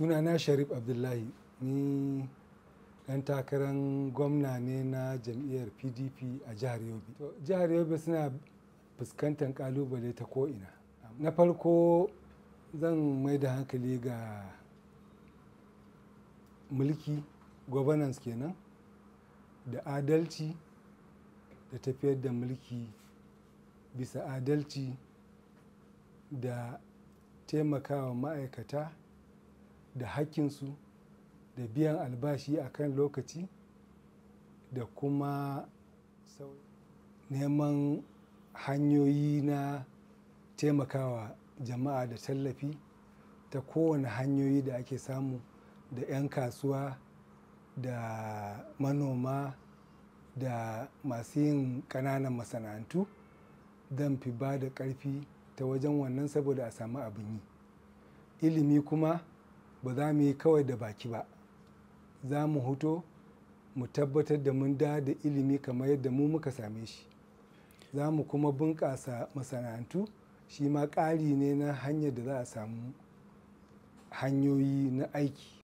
Suna na sharif abdullahi ni ɗan takarar gwamna ne na jam'iyyar pdp a jihar yobe jihar yobe suna fuskantar kalubale ta ko'ina na farko zan mai da hankali ga mulki governance kenan da adalci da tafiyar da mulki bisa adalci da taimakawa ma'aikata da hakkinsu da biyan albashi a kan lokaci da kuma neman hanyoyi na taimakawa jama'a da tallafi ta kowane hanyoyi da ake samu da 'yan kasuwa da manoma da masu yin ƙananan masana'antu don fi ba da ƙarfi ta wajen wannan saboda a samu abin yi ilimi kuma ba za mu yi kawai da baki ba za mu huto mu tabbatar da mun da da ilimi kamar yadda mu muka same shi za mu kuma bunƙasa masana'antu shi ma ƙari ne na hanyar da za a samu hanyoyi na aiki